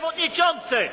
przewodniczący!